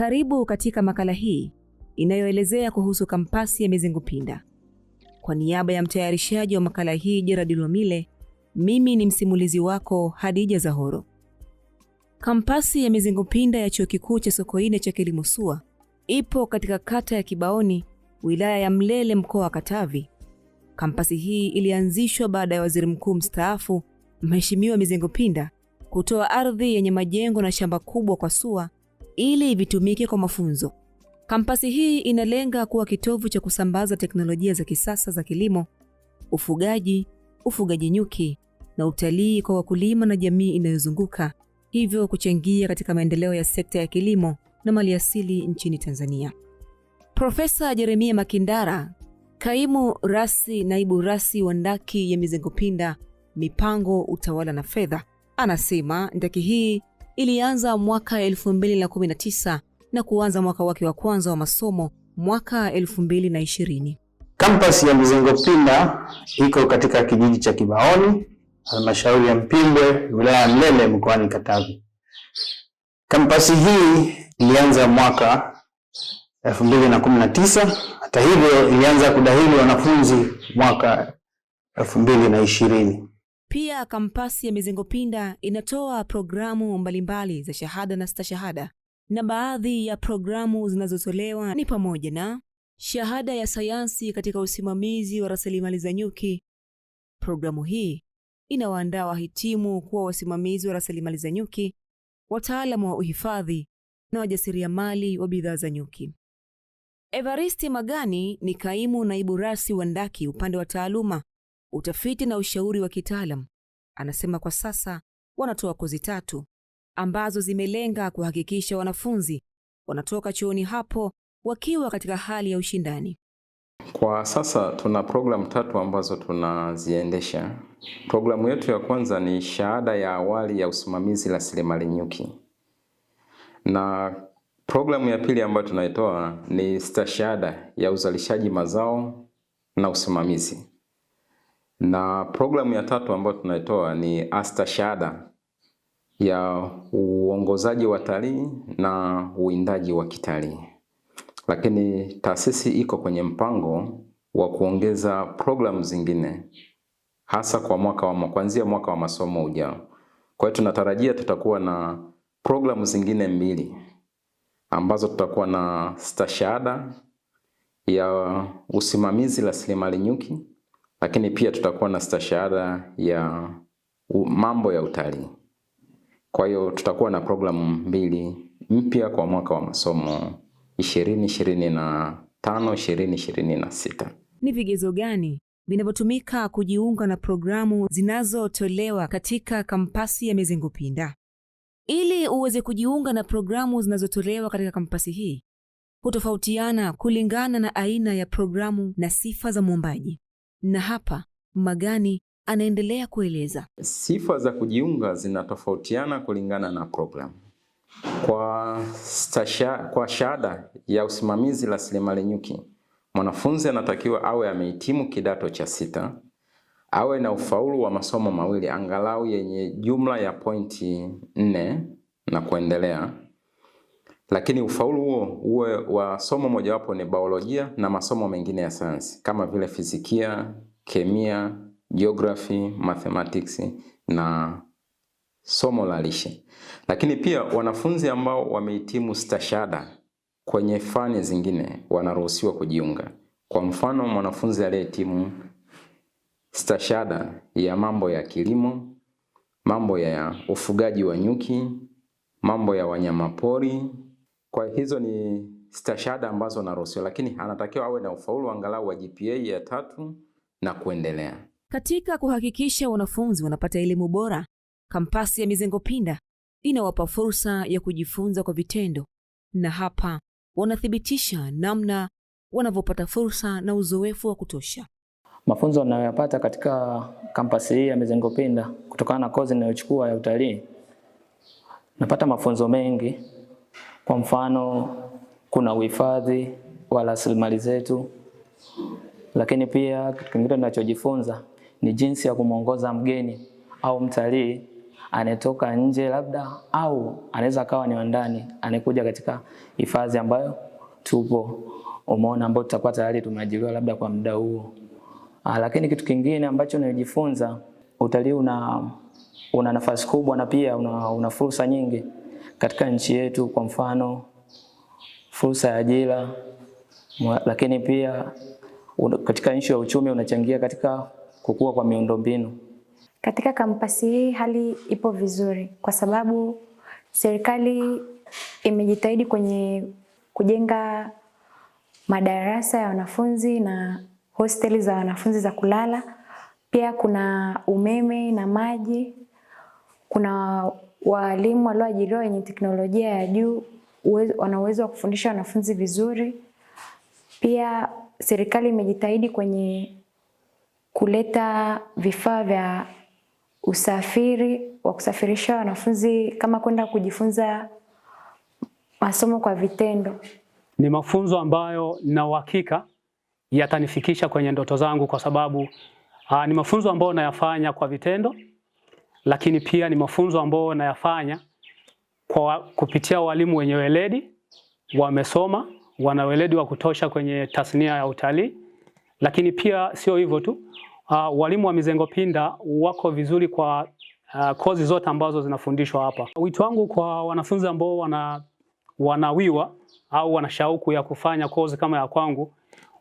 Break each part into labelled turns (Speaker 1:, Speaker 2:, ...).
Speaker 1: Karibu katika makala hii inayoelezea kuhusu kampasi ya Mizengo-Pinda. Kwa niaba ya mtayarishaji wa makala hii Gerard lomile mimi ni msimulizi wako Hadija Zahoro. Kampasi ya Mizengo-Pinda ya Chuo Kikuu cha Sokoine cha Kilimo SUA ipo katika kata ya Kibaoni, wilaya ya Mlele, mkoa wa Katavi. Kampasi hii ilianzishwa baada ya waziri mkuu mstaafu Mheshimiwa Mizengo-Pinda kutoa ardhi yenye majengo na shamba kubwa kwa SUA ili vitumike kwa mafunzo. Kampasi hii inalenga kuwa kitovu cha kusambaza teknolojia za kisasa za kilimo, ufugaji, ufugaji nyuki na utalii kwa wakulima na jamii inayozunguka, hivyo kuchangia katika maendeleo ya sekta ya kilimo na maliasili nchini Tanzania. Profesa Jeremia Makindara, kaimu rasi naibu rasi wa ndaki ya Mizengopinda, mipango, utawala na fedha, anasema ndaki hii ilianza mwaka 2019 na kuanza mwaka wake wa kwanza wa masomo mwaka 2020. Kampasi ya Mizengo Pinda iko katika kijiji cha Kibaoni, halmashauri ya Mpimbwe, wilaya ya Mlele, mkoani Katavi. Kampasi hii ilianza mwaka 2019. Hata hivyo, ilianza kudahili wanafunzi mwaka 2020.
Speaker 2: Pia kampasi ya Mizengo Pinda inatoa programu mbalimbali za shahada na stashahada, na baadhi ya programu zinazotolewa ni pamoja na shahada ya sayansi katika usimamizi wa rasilimali za nyuki. Programu hii inawaandaa wahitimu kuwa wasimamizi wa rasilimali za nyuki, wataalamu wa uhifadhi na wajasiriamali wa bidhaa za nyuki. Evaristi Magani ni kaimu naibu rasi wa ndaki upande wa taaluma utafiti na ushauri wa kitaalam. Anasema kwa sasa wanatoa kozi tatu ambazo zimelenga kuhakikisha wanafunzi wanatoka chuoni hapo wakiwa katika hali ya ushindani.
Speaker 1: Kwa sasa tuna programu tatu ambazo tunaziendesha. Programu yetu ya kwanza ni shahada ya awali ya usimamizi rasilimali nyuki, na programu ya pili ambayo tunaitoa ni stashahada ya uzalishaji mazao na usimamizi. Na programu ya tatu ambayo tunaitoa ni astashada ya uongozaji wa talii na uindaji wa kitalii, lakini taasisi iko kwenye mpango wa kuongeza programu zingine hasa kwa mwaka wa kuanzia mwaka wa masomo ujao. Kwa hiyo tunatarajia tutakuwa na programu zingine mbili ambazo tutakuwa na stashahada ya usimamizi rasilimali nyuki lakini pia tutakuwa na stashahada ya mambo ya utalii. Kwa hiyo tutakuwa na programu mbili mpya kwa mwaka wa masomo 2025 2026.
Speaker 2: Ni vigezo gani vinavyotumika kujiunga na programu zinazotolewa katika kampasi ya Mizingo-Pinda? Ili uweze kujiunga na programu zinazotolewa katika kampasi hii, hutofautiana kulingana na aina ya programu na sifa za mwombaji. Na hapa Magani anaendelea kueleza
Speaker 1: sifa za kujiunga zinatofautiana kulingana na programu. Kwa, stasha, kwa shahada ya usimamizi rasilimali nyuki mwanafunzi anatakiwa awe amehitimu kidato cha sita, awe na ufaulu wa masomo mawili angalau yenye jumla ya pointi nne na kuendelea, lakini ufaulu huo uwe wa somo mojawapo ni biolojia na masomo mengine ya sayansi kama vile fizikia, kemia, geography, mathematics na somo la lishe. Lakini pia wanafunzi ambao wamehitimu stashada kwenye fani zingine wanaruhusiwa kujiunga. Kwa mfano, mwanafunzi aliyehitimu stashada ya mambo ya kilimo, mambo ya ufugaji wa nyuki, mambo ya wanyamapori kwa hizo ni stashada ambazo anaruhusiwa, lakini anatakiwa awe na ufaulu angalau wa GPA ya tatu na kuendelea.
Speaker 2: Katika kuhakikisha wanafunzi wanapata elimu bora, kampasi ya Mizengo-Pinda inawapa fursa ya kujifunza kwa vitendo, na hapa wanathibitisha namna wanavyopata fursa na uzoefu wa kutosha.
Speaker 3: Mafunzo wanayoyapata katika kampasi hii ya Mizengo-Pinda kutokana na kozi inayochukua ya utalii, napata mafunzo mengi kwa mfano, kuna uhifadhi wa rasilimali zetu, lakini pia kitu kingine tunachojifunza ni jinsi ya kumwongoza mgeni au mtalii anayetoka nje labda au anaweza akawa ni wandani anayekuja katika hifadhi ambayo tupo umeona, ambao tutakuwa tayari tumeajiriwa labda kwa muda huo. Ah, lakini kitu kingine ambacho nimejifunza, utalii una, una nafasi kubwa na pia una, una fursa nyingi katika nchi yetu, kwa mfano fursa ya ajira, lakini pia katika nchi ya uchumi unachangia katika kukua kwa miundombinu.
Speaker 4: Katika kampasi hii hali ipo vizuri kwa sababu serikali imejitahidi kwenye kujenga madarasa ya wanafunzi na hosteli za wanafunzi za kulala. Pia kuna umeme na maji, kuna Walimu walioajiriwa wenye teknolojia ya juu wana uwezo wa kufundisha wanafunzi vizuri. Pia serikali imejitahidi kwenye kuleta vifaa vya usafiri wa kusafirisha wanafunzi kama kwenda kujifunza masomo kwa vitendo. Ni
Speaker 5: mafunzo ambayo na uhakika yatanifikisha kwenye ndoto zangu kwa sababu aa, ah, ni mafunzo ambayo nayafanya kwa vitendo lakini pia ni mafunzo ambayo nayafanya kwa kupitia walimu wenye weledi, wamesoma, wana weledi wa kutosha kwenye tasnia ya utalii. Lakini pia sio hivyo tu, uh, walimu wa mizengo pinda wako vizuri kwa uh, kozi zote ambazo zinafundishwa hapa. Wito wangu kwa wanafunzi ambao wana wanawiwa au wana shauku ya kufanya kozi kama ya kwangu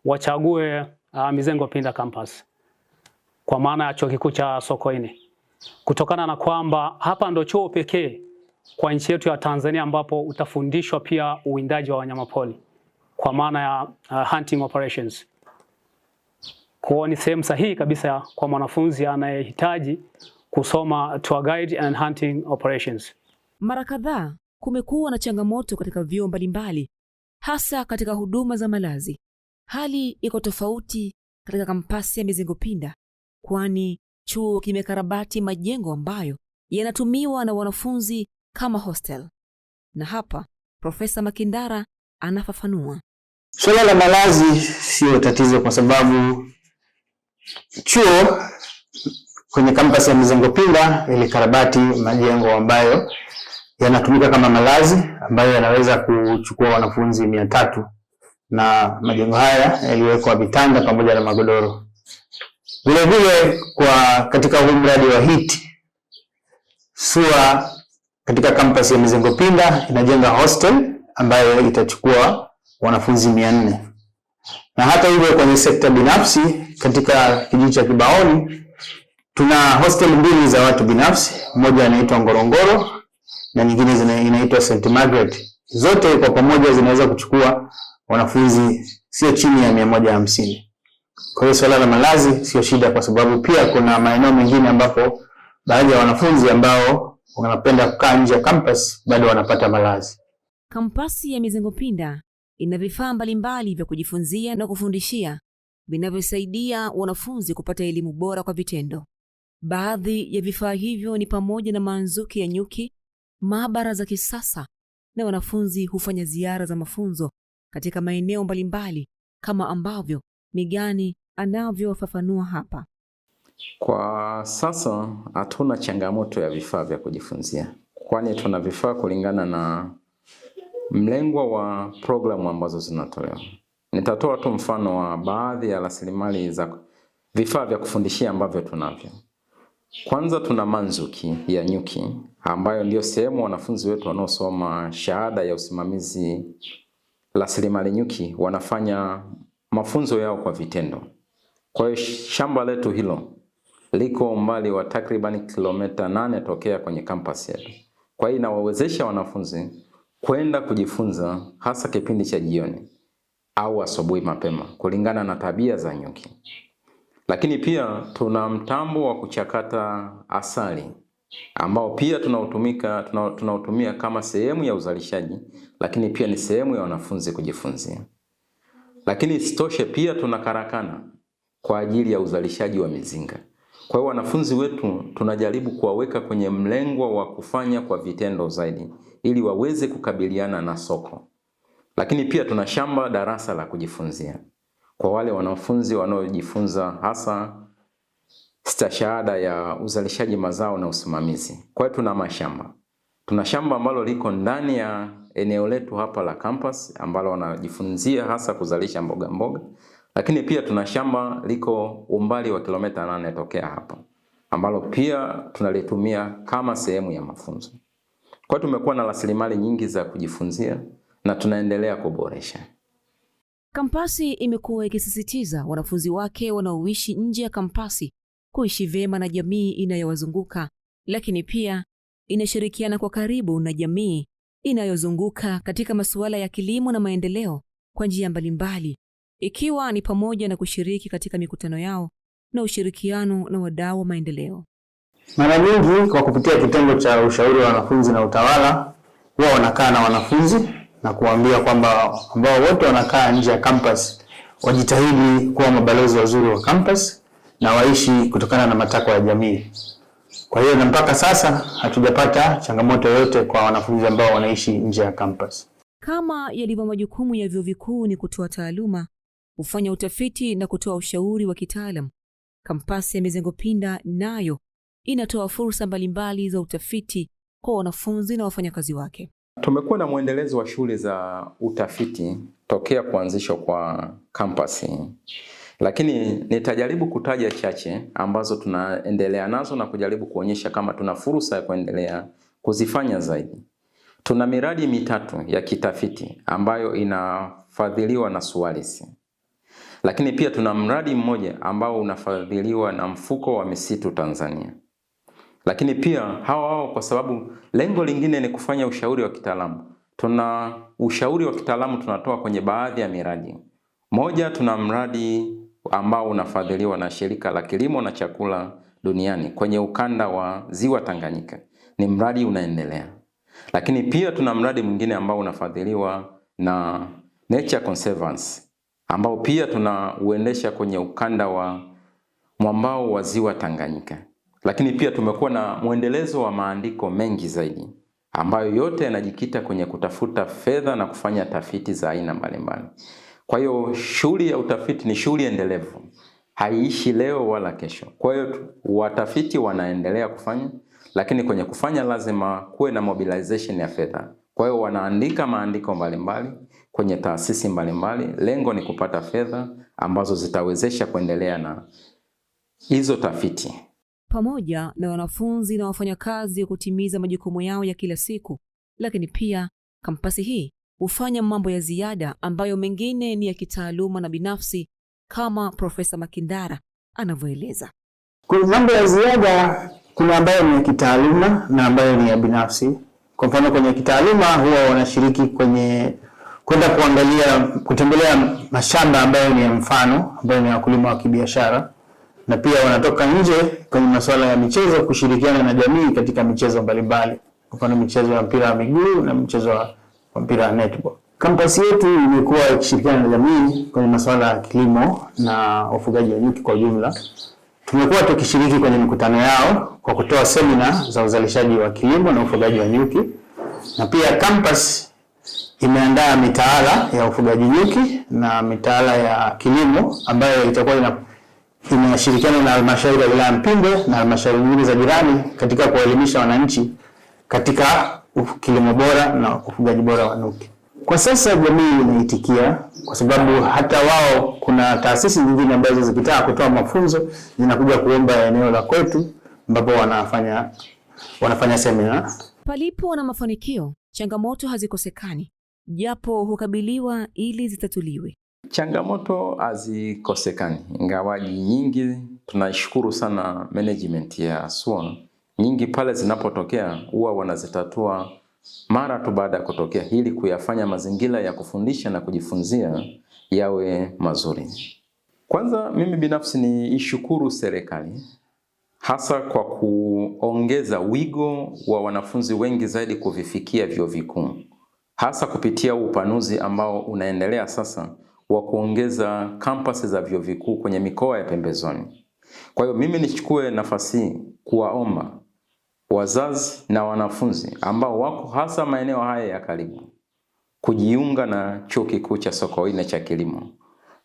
Speaker 5: wachague uh, Mizengo Pinda Campus kwa maana ya chuo kikuu cha Sokoine kutokana na kwamba hapa ndo chuo pekee kwa nchi yetu ya Tanzania ambapo utafundishwa pia uwindaji wa wanyamapori kwa maana ya uh, hunting operations. Kwa ni sehemu sahihi kabisa kwa mwanafunzi anayehitaji kusoma tour guide and hunting operations.
Speaker 2: Mara kadhaa kumekuwa na changamoto katika vyuo mbalimbali, hasa katika huduma za malazi. Hali iko tofauti katika kampasi ya Mizengo Pinda, kwani chuo kimekarabati majengo ambayo yanatumiwa na wanafunzi kama hostel. Na hapa Profesa Makindara anafafanua.
Speaker 1: Suala la malazi siyo tatizo kwa sababu chuo kwenye kampasi ya Mizengo Pinda ilikarabati majengo ambayo yanatumika kama malazi ambayo yanaweza kuchukua wanafunzi mia tatu na majengo haya yaliwekwa vitanda pamoja na magodoro. Vilevile kwa katika huu mradi wa HEET SUA katika kampasi ya Mizengo Pinda inajenga hostel ambayo itachukua wanafunzi mia nne na hata hivyo kwenye sekta binafsi katika kijiji cha Kibaoni tuna hostel mbili za watu binafsi, moja inaitwa Ngorongoro na nyingine inaitwa St Margaret. Zote kwa pamoja zinaweza kuchukua wanafunzi sio chini ya mia moja hamsini. Kwa hiyo swala la malazi sio shida, kwa sababu pia kuna maeneo mengine ambapo baadhi ya wanafunzi ambao wanapenda kukaa nje ya campus bado wanapata malazi.
Speaker 2: Kampasi ya Mizengo Pinda ina vifaa mbalimbali vya kujifunzia na kufundishia vinavyosaidia wanafunzi kupata elimu bora kwa vitendo. Baadhi ya vifaa hivyo ni pamoja na maanzuki ya nyuki, maabara za kisasa, na wanafunzi hufanya ziara za mafunzo katika maeneo mbalimbali kama ambavyo Migani anavyofafanua hapa.
Speaker 1: Kwa sasa hatuna changamoto ya vifaa vya kujifunzia, kwani tuna vifaa kulingana na mlengwa wa programu ambazo zinatolewa. Nitatoa tu mfano wa baadhi ya rasilimali za vifaa vya kufundishia ambavyo tunavyo. Kwanza tuna Manzuki ya nyuki ambayo ndiyo sehemu wanafunzi wetu wanaosoma shahada ya usimamizi rasilimali nyuki wanafanya mafunzo yao kwa vitendo. Kwa hiyo shamba letu hilo liko umbali wa takriban kilomita nane tokea kwenye kampasi yetu. Kwa hiyo inawawezesha wanafunzi kwenda kujifunza hasa kipindi cha jioni au asubuhi mapema kulingana na tabia za nyuki. Lakini pia tuna mtambo wa kuchakata asali ambao pia tunautumika tunautumia kama sehemu ya uzalishaji, lakini pia ni sehemu ya wanafunzi kujifunzia. Lakini isitoshe pia tuna karakana kwa ajili ya uzalishaji wa mizinga. Kwa hiyo wanafunzi wetu tunajaribu kuwaweka kwenye mlengwa wa kufanya kwa vitendo zaidi ili waweze kukabiliana na soko. Lakini pia tuna shamba darasa la kujifunzia kwa wale wanafunzi wanaojifunza hasa stashahada ya uzalishaji mazao na usimamizi. Kwa hiyo tuna mashamba, tuna shamba ambalo liko ndani ya eneo letu hapa la campus ambalo wanajifunzia hasa kuzalisha mboga mboga, lakini pia tuna shamba liko umbali wa kilomita nane tokea hapa ambalo pia tunalitumia kama sehemu ya mafunzo. Kwa hiyo tumekuwa na rasilimali nyingi za kujifunzia na tunaendelea kuboresha.
Speaker 2: Kampasi imekuwa ikisisitiza wanafunzi wake wanaoishi nje ya kampasi kuishi vyema na jamii inayowazunguka, lakini pia inashirikiana kwa karibu na jamii inayozunguka katika masuala ya kilimo na maendeleo kwa njia mbalimbali, ikiwa ni pamoja na kushiriki katika mikutano yao na ushirikiano na wadau wa maendeleo.
Speaker 1: Mara nyingi kwa kupitia kitengo cha ushauri wa wanafunzi na utawala, huwa wanakaa na wanafunzi na kuambia kwamba ambao wote wanakaa nje ya campus wajitahidi kuwa mabalozi wazuri wa campus na waishi kutokana na matakwa ya jamii. Kwa hiyo na mpaka sasa hatujapata changamoto yoyote kwa wanafunzi ambao wanaishi nje ya kampasi.
Speaker 2: Kama yalivyo majukumu ya vyuo vikuu ni kutoa taaluma, hufanya utafiti na kutoa ushauri wa kitaalam, kampasi ya Mizengo Pinda nayo inatoa fursa mbalimbali za utafiti kwa wanafunzi na wafanyakazi wake. Tumekuwa
Speaker 1: na mwendelezo wa shule za utafiti tokea kuanzishwa kwa kampasi. Lakini nitajaribu kutaja chache ambazo tunaendelea nazo na kujaribu kuonyesha kama tuna fursa ya kuendelea kuzifanya zaidi. Tuna miradi mitatu ya kitafiti ambayo inafadhiliwa na Suarez. Lakini pia tuna mradi mmoja ambao unafadhiliwa na mfuko wa misitu Tanzania. Lakini pia hawa hao, kwa sababu lengo lingine ni kufanya ushauri wa kitaalamu, tuna ushauri wa kitaalamu tunatoa kwenye baadhi ya miradi. Moja, tuna mradi ambao unafadhiliwa na shirika la kilimo na chakula duniani kwenye ukanda wa ziwa Tanganyika. Ni mradi unaendelea, lakini pia tuna mradi mwingine ambao unafadhiliwa na Nature Conservancy ambao pia tunauendesha kwenye ukanda wa mwambao wa ziwa Tanganyika, lakini pia tumekuwa na mwendelezo wa maandiko mengi zaidi ambayo yote yanajikita kwenye kutafuta fedha na kufanya tafiti za aina mbalimbali. Kwa hiyo shughuli ya utafiti ni shughuli endelevu, haiishi leo wala kesho. Kwa hiyo watafiti wanaendelea kufanya, lakini kwenye kufanya lazima kuwe na mobilization ya fedha. Kwa hiyo wanaandika maandiko mbalimbali kwenye taasisi mbalimbali, lengo ni kupata fedha ambazo zitawezesha kuendelea na hizo tafiti,
Speaker 2: pamoja na wanafunzi na wafanyakazi wa kutimiza majukumu yao ya kila siku. Lakini pia kampasi hii hufanya mambo ya ziada ambayo mengine ni ya kitaaluma na binafsi, kama Profesa Makindara anavyoeleza.
Speaker 1: Kuna mambo ya ziada, kuna ambayo ni ya kitaaluma na ambayo ni ya binafsi. Kwa mfano, kwenye kitaaluma huwa wanashiriki kwenye kwenda kuangalia, kutembelea mashamba ambayo ni ya mfano, ambayo ni wakulima wa kibiashara, na pia wanatoka nje kwenye masuala ya michezo, kushirikiana na jamii katika michezo mbalimbali, kwa mfano michezo ya mpira wa miguu na mchezo wa wa mpira wa netball. Kampasi yetu imekuwa ikishirikiana na jamii kwenye masuala ya kilimo na ufugaji wa nyuki kwa ujumla. Tumekuwa tukishiriki kwenye mikutano yao kwa kutoa semina za uzalishaji wa kilimo na ufugaji wa nyuki, na pia campus imeandaa mitaala ya ufugaji nyuki na mitaala ya kilimo ambayo itakuwa ina inashirikiana na halmashauri ya wilaya Mpimbe na halmashauri nyingine za jirani katika kuwaelimisha wananchi katika kilimo bora na ufugaji bora wa nyuki. Kwa sasa jamii inaitikia, kwa sababu hata wao kuna taasisi nyingine ambazo zikitaka kutoa mafunzo zinakuja kuomba eneo la kwetu, ambapo wanafanya wanafanya semina.
Speaker 2: Palipo na mafanikio, changamoto hazikosekani, japo hukabiliwa ili zitatuliwe.
Speaker 1: Changamoto hazikosekani, ingawaji nyingi. Tunashukuru sana management ya Swan nyingi pale zinapotokea huwa wanazitatua mara tu baada ya kutokea ili kuyafanya mazingira ya kufundisha na kujifunzia yawe mazuri. Kwanza mimi binafsi ni ishukuru serikali hasa kwa kuongeza wigo wa wanafunzi wengi zaidi kuvifikia vyuo vikuu hasa kupitia upanuzi ambao unaendelea sasa wa kuongeza kampasi za vyuo vikuu kwenye mikoa ya pembezoni. Kwa hiyo mimi nichukue nafasi hii kuwaomba wazazi na wanafunzi ambao wako hasa maeneo haya ya karibu kujiunga na Chuo Kikuu cha Sokoine cha Kilimo,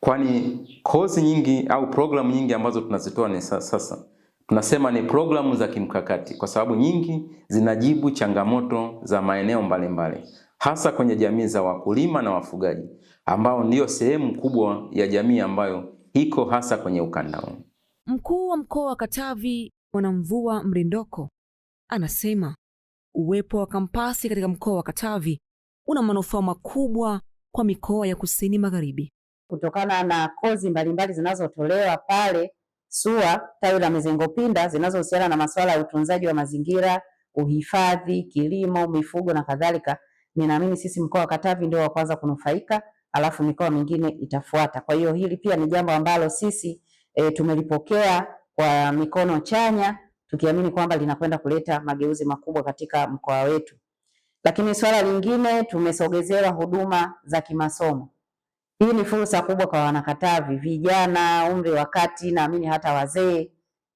Speaker 1: kwani kozi nyingi au programu nyingi ambazo tunazitoa ni sasa tunasema ni programu za kimkakati, kwa sababu nyingi zinajibu changamoto za maeneo mbalimbali mbali, hasa kwenye jamii za wakulima na wafugaji ambao ndiyo sehemu kubwa ya jamii ambayo iko hasa kwenye ukanda huu.
Speaker 2: Mkuu wa Mkoa wa Katavi, Bwana Mvua Mrindoko Anasema uwepo wa kampasi katika mkoa wa Katavi una manufaa makubwa kwa mikoa ya kusini magharibi
Speaker 6: kutokana na kozi mbalimbali zinazotolewa pale SUA tawi la pinda zinazohusiana na masuala ya utunzaji wa mazingira, uhifadhi, kilimo, mifugo na kadhalika. Ninaamini sisi mkoa wa Katavi ndio wa kwanza kunufaika, alafu mikoa mingine itafuata. Kwa hiyo hili pia ni jambo ambalo sisi e, tumelipokea kwa mikono chanya tukiamini kwamba linakwenda kuleta mageuzi makubwa katika mkoa wetu. Lakini swala lingine, tumesogezewa huduma za kimasomo. Hii ni fursa kubwa kwa Wanakatavi, vijana, umri wa kati, naamini hata wazee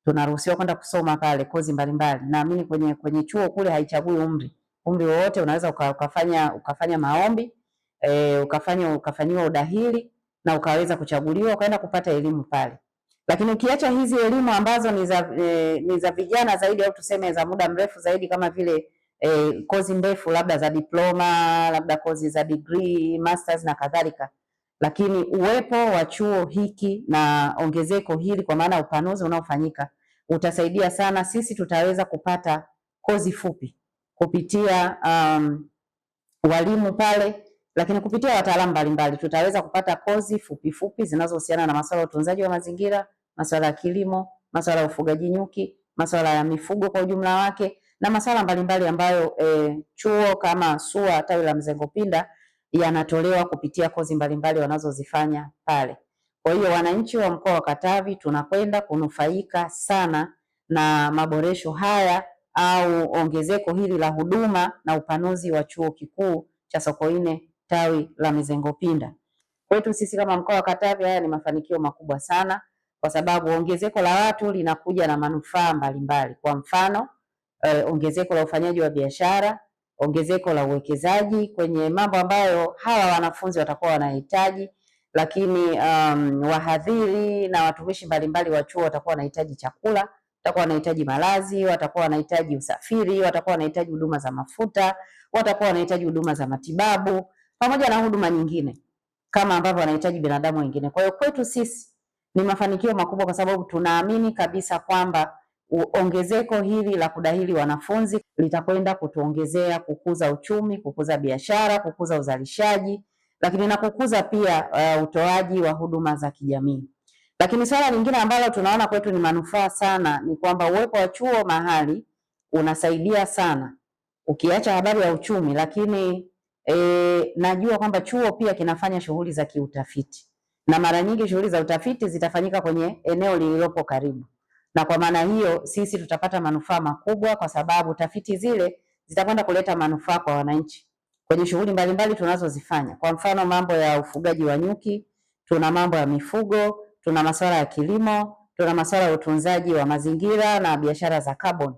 Speaker 6: tunaruhusiwa kwenda kusoma pale kozi mbalimbali. Naamini kwenye, kwenye chuo kule haichagui umri, umri wowote unaweza ukafanya, ukafanya maombi e, ukafanya ukafanyiwa udahili na ukaweza kuchaguliwa ukaenda kupata elimu pale. Lakini ukiacha hizi elimu ambazo ni za e, ni za vijana zaidi au tuseme za muda mrefu zaidi kama vile e, kozi ndefu labda za diploma, labda kozi za degree, masters na kadhalika, lakini uwepo wa chuo hiki na ongezeko hili kwa maana upanuzi unaofanyika utasaidia sana. Sisi tutaweza kupata kozi fupi kupitia um, walimu pale, lakini kupitia wataalamu mbalimbali tutaweza kupata kozi fupi fupi zinazohusiana na masuala ya utunzaji wa mazingira, masuala ya kilimo, masuala ya ufugaji nyuki, masuala ya mifugo kwa ujumla wake na masuala mbalimbali ambayo e, chuo kama SUA tawi la Mzengo Pinda yanatolewa kupitia kozi mbalimbali wanazozifanya pale. Kwa hiyo wananchi wa mkoa wa Katavi tunakwenda kunufaika sana na maboresho haya au ongezeko hili la huduma na upanuzi wa chuo kikuu cha Sokoine tawi la Mizengo Pinda. Kwetu sisi kama mkoa wa Katavi haya ni mafanikio makubwa sana kwa sababu ongezeko la watu linakuja na manufaa mbalimbali. Kwa mfano eh, ongezeko la ufanyaji wa biashara, ongezeko la uwekezaji kwenye mambo ambayo hawa wanafunzi watakuwa wanahitaji, lakini um, wahadhiri na watumishi mbalimbali wa chuo watakuwa wanahitaji chakula, watakuwa wanahitaji malazi, watakuwa wanahitaji usafiri, watakuwa wanahitaji huduma za mafuta, watakuwa wanahitaji huduma za matibabu pamoja na huduma nyingine kama ambavyo wanahitaji binadamu wengine. Kwa hiyo kwetu sisi ni mafanikio makubwa, kwa sababu tunaamini kabisa kwamba ongezeko hili la kudahili wanafunzi litakwenda kutuongezea kukuza uchumi, kukuza biashara, kukuza uzalishaji, lakini na kukuza pia uh, utoaji wa huduma za kijamii. Lakini swala lingine ambalo tunaona kwetu ni manufaa sana ni kwamba uwepo wa chuo mahali unasaidia sana, ukiacha habari ya uchumi, lakini e, najua kwamba chuo pia kinafanya shughuli za kiutafiti na mara nyingi shughuli za utafiti zitafanyika kwenye eneo lililopo karibu, na kwa maana hiyo sisi tutapata manufaa makubwa, kwa sababu tafiti zile zitakwenda kuleta manufaa kwa wananchi kwenye shughuli mbalimbali tunazozifanya. Kwa mfano, mambo ya ufugaji wa nyuki, tuna mambo ya mifugo, tuna masuala ya kilimo, tuna masuala ya utunzaji wa mazingira na biashara za carbon.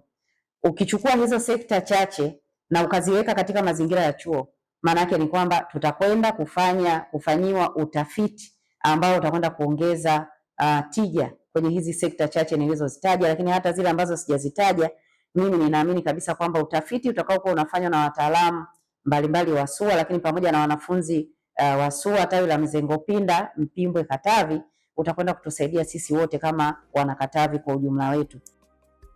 Speaker 6: Ukichukua hizo sekta chache na ukaziweka katika mazingira ya chuo, maana yake ni kwamba tutakwenda kufanya kufanyiwa utafiti ambao utakwenda kuongeza uh, tija kwenye hizi sekta chache nilizozitaja, lakini hata zile ambazo sijazitaja, mimi ninaamini kabisa kwamba utafiti utakaokuwa unafanywa na wataalamu mbalimbali wa SUA, lakini pamoja na wanafunzi uh, wa SUA tawi la Mizengo Pinda Mpimbwe Katavi utakwenda kutusaidia sisi wote kama Wanakatavi kwa ujumla wetu.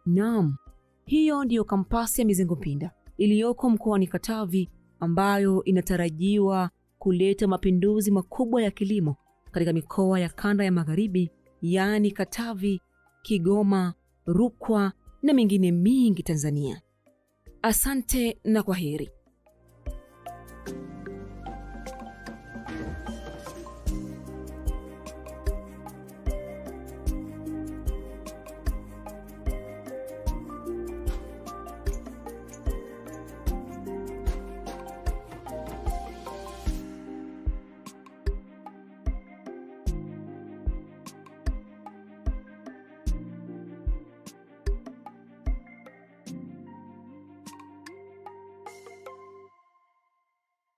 Speaker 2: Naam, hiyo ndiyo kampasi ya Mizengo Pinda iliyoko mkoani Katavi ambayo inatarajiwa kuleta mapinduzi makubwa ya kilimo katika mikoa ya kanda ya magharibi, yaani Katavi, Kigoma, Rukwa na mingine mingi Tanzania. Asante na kwaheri.